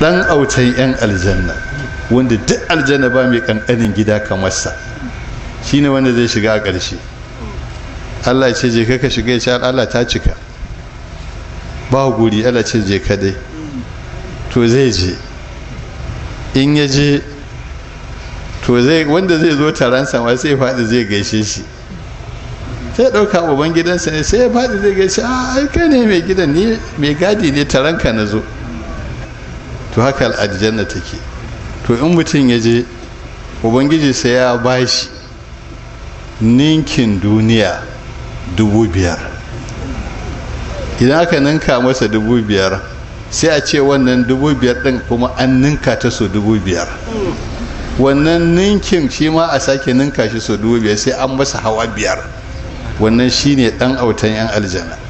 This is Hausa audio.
dan autan yan aljanna wanda duk aljanna ba mai kankanin gida kamar sa shine wanda zai shiga a ƙarshe Allah ce je ka shiga ya ce Allah ta cika ba guri Allah ce je ka dai to zai je in ya je to zai wanda zai zo taron sama sai faɗi zai gaishe shi sai ɗauka uban gidansa ne sai ya faɗi zai gaishe a ah, ai kai ne mai gidan ni mai gadi ne taron ka na zo to haka aljanna take to in mutum ya je ubangiji sai ya bashi ninkin duniya dubu biyar idan aka ninka masa dubu biyar sai a ce wannan dubu biyar ɗin kuma an ninka ta so dubu biyar wannan ninkin shi ma a sake ninka shi so dubu biyar sai an masa hawa biyar wannan shine ɗan autan 'yan aljanna